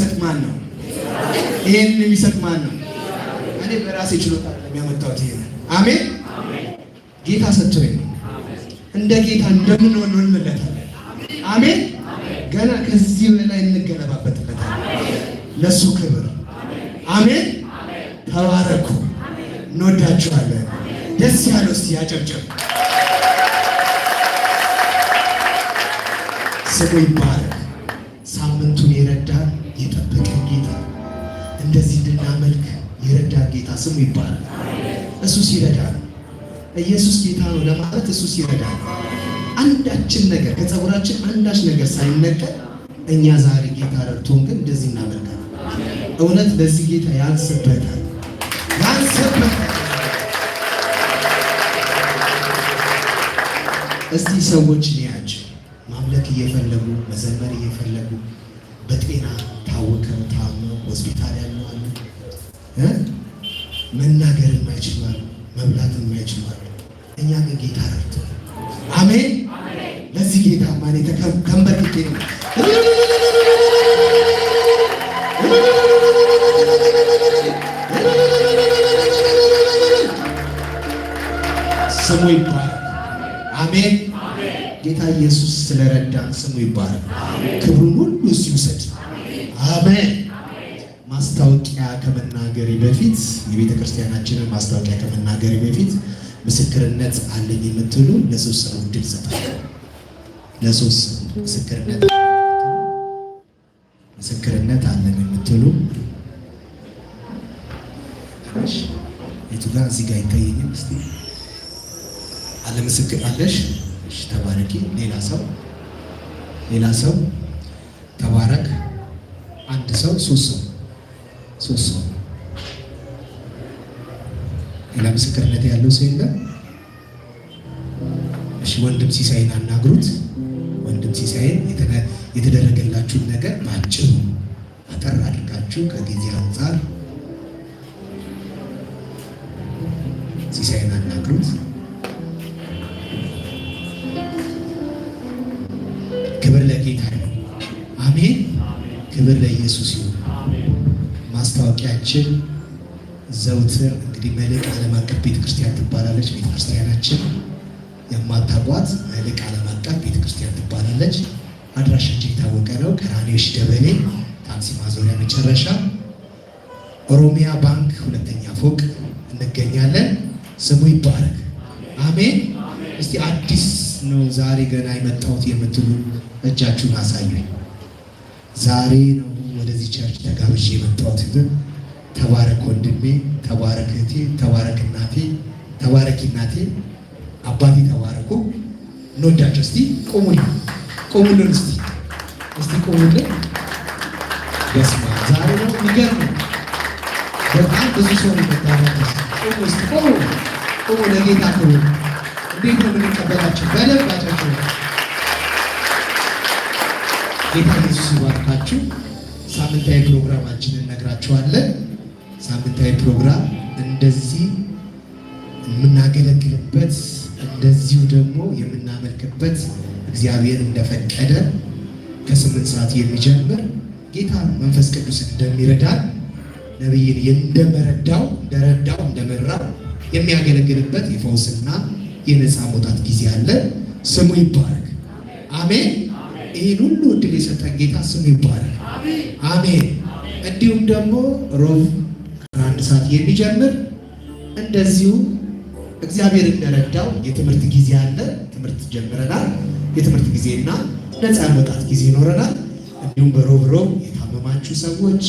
የሚሰጥ ማን ነው? ይህን የሚሰጥ ማን ነው? እኔ በራሴ ችሎታ የሚያመጣት ይሄ አሜን። ጌታ ሰጥቶኝ ነው። እንደ ጌታ እንደምንሆን እንመለታለን። አሜን። ገና ከዚህ በላይ እንገለባበጥበታለን። ለእሱ ክብር አሜን። ተባረኩ። እንወዳችኋለን። ደስ ያለው እስቲ ያጨብጭብ። ስሙ ይባላል። ጌታ ስሙ ይባላል። እሱ ሲረዳ ኢየሱስ ጌታ ነው ለማለት እሱ ሲረዳ አንዳችን ነገር ከጸጉራችን አንዳች ነገር ሳይነቀል እኛ ዛሬ ጌታ ረድቶን ግን እንደዚህ እናመልካል። እውነት ለዚህ ጌታ ያንስበታል ያንስበታል። እስቲ ሰዎች ያቸው ማምለክ እየፈለጉ መዘመር እየፈለጉ በጤና ታወቀ ታመ ሆስፒታል ያለዋለ መናገር የማይችሉ መብላት የማይችሉ አሉ። እኛ ግን ጌታ ረድቷል። አሜን። ለዚህ ጌታ ማን ተንበርክኬ ነው ስሙ ይባረክ። አሜን። ጌታ ኢየሱስ ስለረዳን ስሙ ይባረክ። ክብሩን ሁሉ ሲውሰድ። አሜን። ማስታወቂያ ከመናገሪ በፊት የቤተ ክርስቲያናችንን ማስታወቂያ ከመናገሪ በፊት ምስክርነት አለኝ የምትሉ ለሶስት ሰው እድል ሰጣለሁ። ለሶስት ምስክርነት ምስክርነት አለን የምትሉ የቱ ጋር እዚህ ጋ ይታየኛል። ስ አለ ምስክር አለሽ። ተባረኪ። ሌላ ሰው ሌላ ሰው ተባረክ። አንድ ሰው ሶስት ሰው ሶስት ሰው ሌላ ምስክርነት ያለው ሰው የለም። እሺ ወንድም ሲሳይን አናግሩት። ወንድም ሲሳይን የተደረገላችሁን ነገር በአጭሩ አጠር አድርጋችሁ ከጊዜ አንጻር ሲሳይን አናግሩት። ክብር ለጌታ ነው። አሜን። ክብር ለኢየሱስ ይሁን። ቤተክርስቲያናችን ዘውትር እንግዲህ መልሕቅ ዓለም አቀፍ ቤተክርስቲያን ትባላለች። ቤተክርስቲያናችን የማታቋት መልሕቅ ዓለም አቀፍ ቤተክርስቲያን ትባላለች። አድራሻችን የታወቀ ነው። ቀራንዮሽ ደበሌ ታክሲ ማዞሪያ መጨረሻ ኦሮሚያ ባንክ ሁለተኛ ፎቅ እንገኛለን። ስሙ ይባረክ። አሜን። እስቲ አዲስ ነው ዛሬ ገና የመጣሁት የምትሉ እጃችሁን አሳዩኝ። ዛሬ ነው ወደዚህ ቸርች ተጋብዤ የመጣሁት። ተባረክ ወንድሜ፣ ተባረክ እህቴ፣ ተባረክ እናቴ፣ ተባረክ እናቴ፣ አባቴ ተባረኩ። እንወዳቸው። እስቲ ቆሙ ቆሙልን፣ እስቲ እስቲ ቆሙልን። በስመ አብ ዛሬ ነው የሚገርም በጣም ብዙ ሰው ይመጣናስ። ቆሙ፣ እስቲ ቆሙ፣ ቆሙ። ለጌታ ክብር እንዴት ነው የምንቀበላቸው? በለባቸው። ጌታ ኢየሱስ ይባርካችሁ። ሳምንታዊ ፕሮግራማችንን ነግራችኋለን። ሳምንታዊ ፕሮግራም እንደዚህ የምናገለግልበት እንደዚሁ ደግሞ የምናመልክበት እግዚአብሔር እንደፈቀደ ከስምንት ሰዓት የሚጀምር ጌታ መንፈስ ቅዱስ እንደሚረዳን ነቢይን እንደመረዳው እንደረዳው እንደመራው የሚያገለግልበት የፈውስና የነፃ መውጣት ጊዜ አለ። ስሙ ይባረክ። አሜን። ይህን ሁሉ እድል የሰጠን ጌታ ስሙ ይባረክ። አሜን። እንዲሁም ደግሞ ሮብ ቅዱሳት የሚጀምር እንደዚሁ እግዚአብሔር እንደረዳው የትምህርት ጊዜ አለ። ትምህርት ጀምረናል። የትምህርት ጊዜና ነፃ መውጣት ጊዜ ይኖረናል። እንዲሁም በሮብ ሮብ የታመማችሁ ሰዎች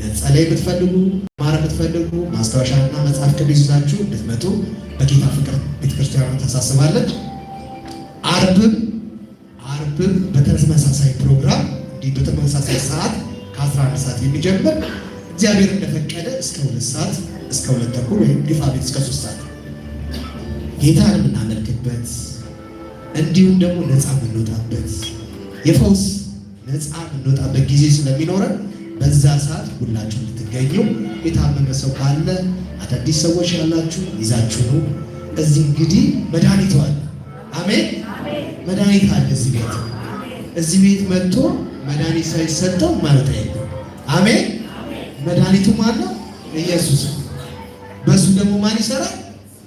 ነፃ ላይ የምትፈልጉ ማረ የምትፈልጉ ማስታወሻና መጽሐፍ ቅዱስ ይዛችሁ እንድትመጡ በጌታ ፍቅር ቤተክርስቲያኑ ታሳስባለች። አርብም አርብም በተመሳሳይ ፕሮግራም እንዲህ በተመሳሳይ ሰዓት ከ11 ሰዓት የሚጀምር እግዚአብሔር እንደፈቀደ እስከ ሁለት ሰዓት እስከ ሁለት ተኩል ወይም ግፋ ቤት እስከ ሶስት ሰዓት ጌታን የምናመልክበት እንዲሁም ደግሞ ነፃ የምንወጣበት የፈውስ ነፃ የምንወጣበት ጊዜ ስለሚኖረን በዛ ሰዓት ሁላችሁ እንድትገኙ የታመመ ሰው ካለ አዳዲስ ሰዎች ያላችሁ ይዛችሁ ነው። እዚህ እንግዲህ መድኃኒት አለ። አሜን፣ መድኃኒት አለ። እዚህ ቤት እዚህ ቤት መጥቶ መድኃኒት ሳይሰጠው ማለት አይደለም። አሜን መድኃኒቱ ማን ነው? ኢየሱስ። በሱ ደግሞ ማን ይሰራል?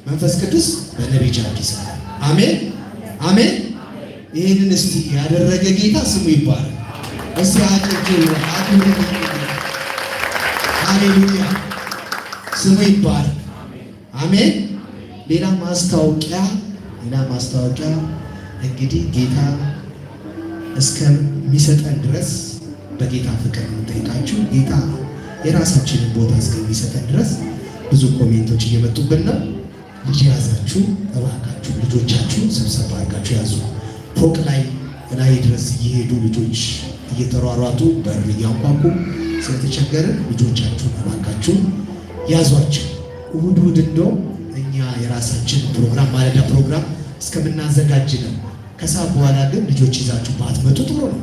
መንፈስ ቅዱስ በነቢይ ጃክ ይሰራል። አሜን አሜን። ይህንን እስቲ ያደረገ ጌታ ስሙ ይባላል። እስቲ አጥቂ አጥቂ ሃሌሉያ ስሙ ይባላል። አሜን። ሌላ ማስታወቂያ ሌላ ማስታወቂያ እንግዲህ ጌታ እስከሚሰጠን ድረስ በጌታ ፍቅር ነው። ጌታ የራሳችንን ቦታ እስከሚሰጠን ድረስ ብዙ ኮሜንቶች እየመጡብን ነው። ልጅ ያዛችሁ እባካችሁ ልጆቻችሁ ሰብሰብ አድርጋችሁ ያዙ። ፎቅ ላይ ላይ ድረስ እየሄዱ ልጆች እየተሯሯጡ በር እያንኳኩ ስለተቸገረ ልጆቻችሁ እባካችሁ ያዟቸው። እሑድ እሑድ እንደውም እኛ የራሳችን ፕሮግራም ማለዳ ፕሮግራም እስከምናዘጋጅ ነው። ከሰዓት በኋላ ግን ልጆች ይዛችሁ ባትመጡ ጥሩ ነው።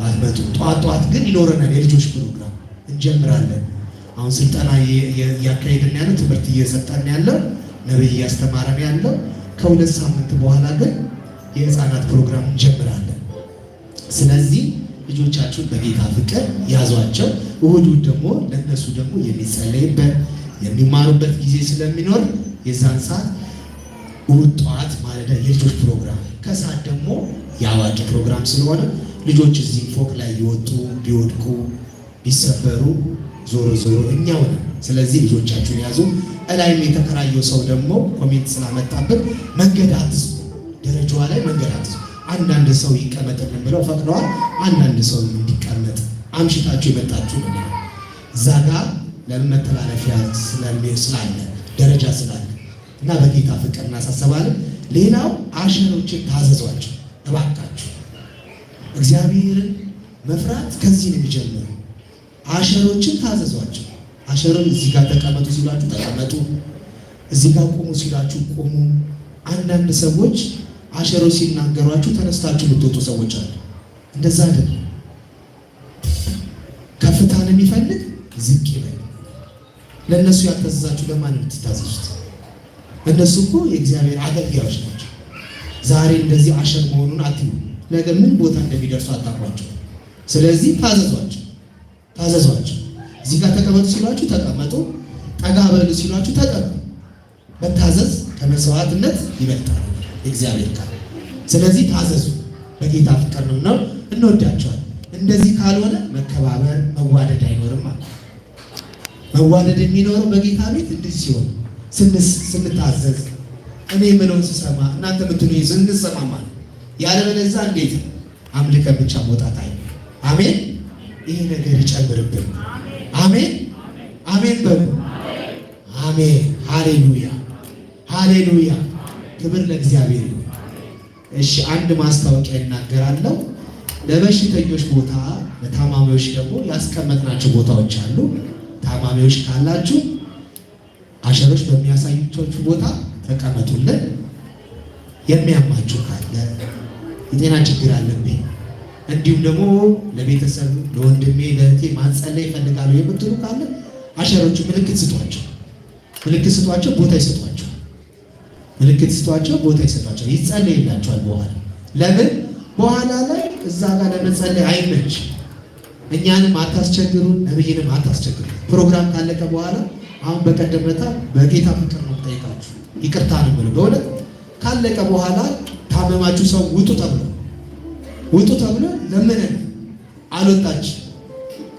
ባትመጡ ጠዋት ጠዋት ግን ይኖረናል የልጆች ፕሮግራም እንጀምራለን። አሁን ስልጠና እያካሄድን ያለ ትምህርት እየሰጠን ያለው ነብይ እያስተማረን ያለው ከሁለት ሳምንት በኋላ ግን የህፃናት ፕሮግራም እንጀምራለን። ስለዚህ ልጆቻችሁን በጌታ ፍቅር ያዟቸው። እሑድ ደግሞ ለእነሱ ደግሞ የሚጸለይበት የሚማሩበት ጊዜ ስለሚኖር የዛን ሰዓት እሁድ ጠዋት ማለዳ የልጆች ፕሮግራም፣ ከሰዓት ደግሞ የአዋቂ ፕሮግራም ስለሆነ ልጆች እዚህ ፎቅ ላይ ይወጡ ቢወድቁ ቢሰበሩ ዞሮ ዞሮ እኛው ስለዚህ ልጆቻችሁን ያዙ። እላይም የተከራየው ሰው ደግሞ ኮሜንት ስላመጣብን መንገድ አትስጡ፣ ደረጃዋ ላይ መንገድ አትስጡ። አንዳንድ ሰው ይቀመጥልን ብለው ፈቅደዋል። አንዳንድ ሰው እንዲቀመጥ አምሽታችሁ የመጣችሁ ነው። እዛ ጋር ለምን መተላለፊያ ስላለ ደረጃ ስላለ እና በጌታ ፍቅር እናሳሰባለን። ሌላው አሸሮችን ታዘዟቸው እባካችሁ። እግዚአብሔርን መፍራት ከዚህ ነው የሚጀምረው። አሸሮችን ታዘዟቸው። አሸርን እዚህ ጋር ተቀመጡ ሲሏችሁ ተቀመጡ፣ እዚህ ጋር ቆሙ ሲላችሁ ቆሙ። አንዳንድ ሰዎች አሸሮች ሲናገሯችሁ ተነስታችሁ ልትወጡ ሰዎች አሉ። እንደዛ አይደለም። ከፍታን የሚፈልግ ዝቅ ይበል። ለእነሱ ያልታዘዛችሁ ለማን የምትታዘዙት? እነሱ እኮ የእግዚአብሔር አገልጋዮች ናቸው። ዛሬ እንደዚህ አሸር መሆኑን አትዩ። ነገ ምን ቦታ እንደሚደርሱ አታውቋቸው። ስለዚህ ታዘዟቸው። ታዘዟቸው። እዚህ ጋር ተቀመጡ ሲሏችሁ ተቀመጡ፣ ጠጋ በሉ ሲሏችሁ ተቀመጡ። መታዘዝ ከመስዋዕትነት ይበልጣል እግዚአብሔር ቃል። ስለዚህ ታዘዙ። በጌታ ፍቅር ነው ነው እንወዳቸዋል። እንደዚህ ካልሆነ መከባበር፣ መዋደድ አይኖርም። መዋደድ የሚኖረው በጌታ ቤት እንደዚህ ሲሆን ስንታዘዝ እኔ የምለውን ስሰማ እናንተ ምትሉ ስንሰማማ ያለበለዚያ እንዴት አምልከን ብቻ መውጣት አይ አሜን ይህ ነገር ይጨምርብን። አሜን አሜን በሉ። አሜን ሃሌሉያ ሃሌሉያ። ክብር ለእግዚአብሔር እሺ አንድ ማስታወቂያ ይናገራለሁ። ለበሽተኞች ቦታ፣ ለታማሚዎች ደግሞ ያስቀመጥናቸው ቦታዎች አሉ። ታማሚዎች ካላችሁ አሸሮች በሚያሳዩቻችሁ ቦታ ተቀመጡልን። የሚያማችሁ ካለ የጤና ችግር አለብኝ እንዲሁም ደግሞ ለቤተሰብ ለወንድሜ ለእህቴ ማንጸለይ ይፈልጋሉ የምትሉ ካለ አሸሮቹ ምልክት ስጧቸው፣ ምልክት ስጧቸው፣ ቦታ ይሰጧቸው፣ ምልክት ስጧቸው፣ ቦታ ይስጧቸው። ይጸለይላቸዋል። በኋላ ለምን በኋላ ላይ እዛ ጋር ለመጸለይ አይመች። እኛንም አታስቸግሩ፣ ነብይንም አታስቸግሩ። ፕሮግራም ካለቀ በኋላ አሁን በቀደመታ በጌታ ፍቅር ነው ጠይቃችሁ ይቅርታ ነው የምለው በእውነት ካለቀ በኋላ ታመማችሁ ሰው ውጡ ተብሎ ውጡ ተብሎ ለምን አልወጣች።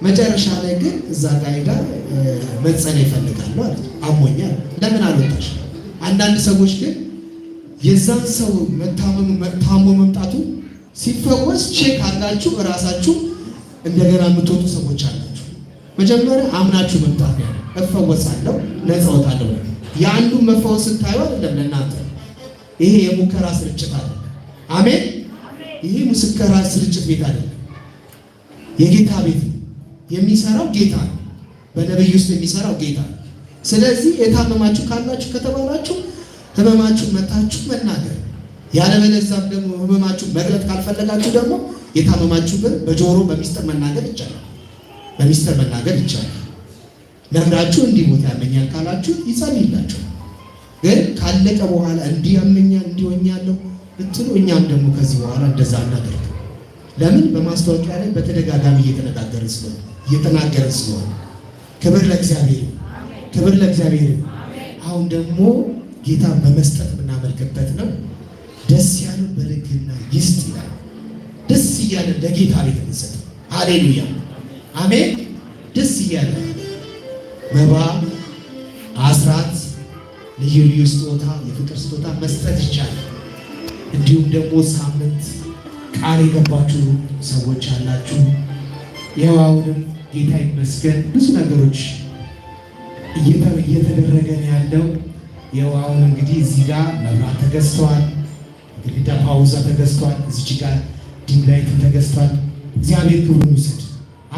መጨረሻ ላይ ግን እዛ ጋ ሄዳ መጸን ይፈልጋሉ አለች። አሞኛል፣ ለምን አልወጣች? አንዳንድ ሰዎች ግን የዛን ሰው ታሞ መምጣቱ ሲፈወስ ቼክ አላችሁ እራሳችሁ እንደገና የምትወጡ ሰዎች አላችሁ። መጀመሪያ አምናችሁ መምጣት ነው። እፈወሳለሁ፣ ነፃ እወጣለሁ። የአንዱን መፈወስ ስታዩ አይደለም ለእናንተ ይሄ የሙከራ ስርጭት አለ። አሜን ይሄ ምስከራ ስርጭት ቤት አይደለም፣ የጌታ ቤት ነው። የሚሰራው ጌታ ነው። በነቢይ ውስጥ የሚሰራው ጌታ ነው። ስለዚህ የታመማችሁ ካላችሁ ከተባላችሁ ህመማችሁ መታችሁ መናገር ያለበለዛም ደግሞ ህመማችሁ መግለጥ ካልፈለጋችሁ ደግሞ የታመማችሁበት በጆሮ በሚስጥር መናገር ይቻላል። በሚስጥር መናገር ይቻላል። ነግራችሁ ቦታ ያመኛል ካላችሁ ይጸልይላችሁ። ግን ካለቀ በኋላ እንዲህ ያመኛል እንዲሆኛለሁ ብትሉ እኛም ደግሞ ከዚህ በኋላ እንደዛ እናደርግ። ለምን በማስታወቂያ ላይ በተደጋጋሚ እየተነጋገርን ስለሆነ እየተናገርን ስለሆነ፣ ክብር ለእግዚአብሔር፣ ክብር ለእግዚአብሔር። አሁን ደግሞ ጌታን በመስጠት የምናመልክበት ነው። ደስ ያለ በልግና ይስጥ ይላል። ደስ እያለ ለጌታ ቤት ንሰጥ። ሃሌሉያ አሜን። ደስ እያለ መባ፣ አስራት፣ ልዩ ልዩ ስጦታ፣ የፍቅር ስጦታ መስጠት ይቻላል። እንዲሁም ደግሞ ሳምንት ቃል የገባችሁ ሰዎች አላችሁ። የዋውንም ጌታ ይመስገን ብዙ ነገሮች እየተደረገ ነው ያለው። የዋውን እንግዲህ እዚህ ጋር መብራት ተገዝተዋል፣ ግድግዳ ፓውዛ ተገዝተዋል፣ እዚች ጋር ዲም ላይት ተገዝቷል። እግዚአብሔር ክብሩን ውሰድ።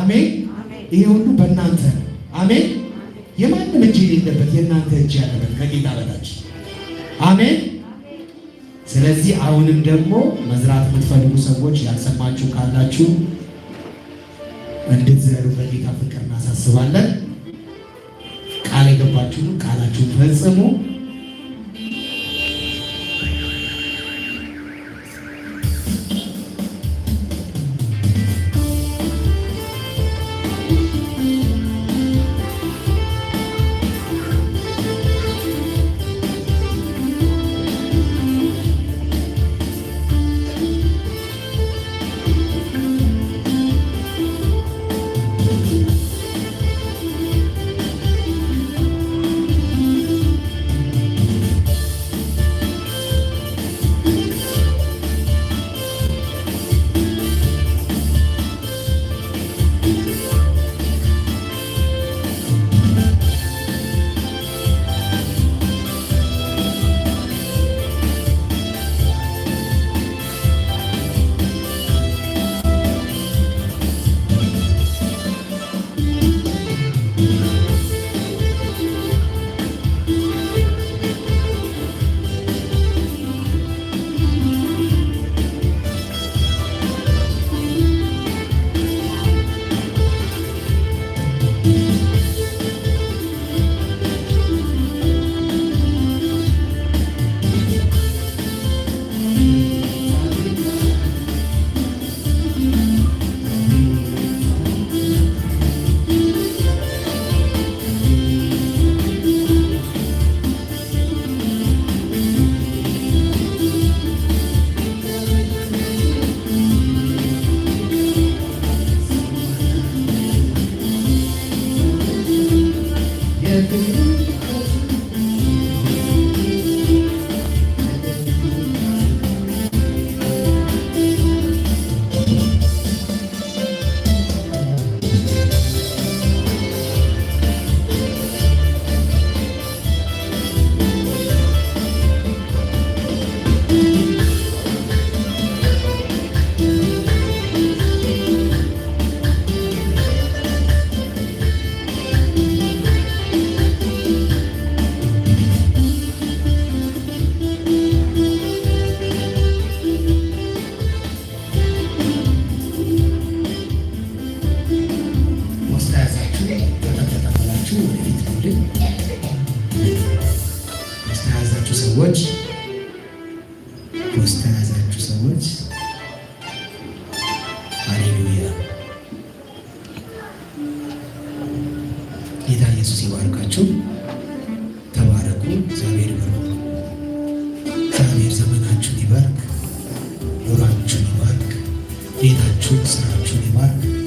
አሜን። ይሄ ሁሉ በእናንተ አሜን። የማንም እጅ የሌለበት የእናንተ እጅ ያለበት ከጌታ በታች አሜን። ስለዚህ አሁንም ደግሞ መዝራት የምትፈልጉ ሰዎች ያልሰማችሁ ካላችሁ እንድትዘሩ በጌታ ፍቅር እናሳስባለን። ቃል የገባችሁ ቃላችሁን ፈጽሙ። sweet sound should lack.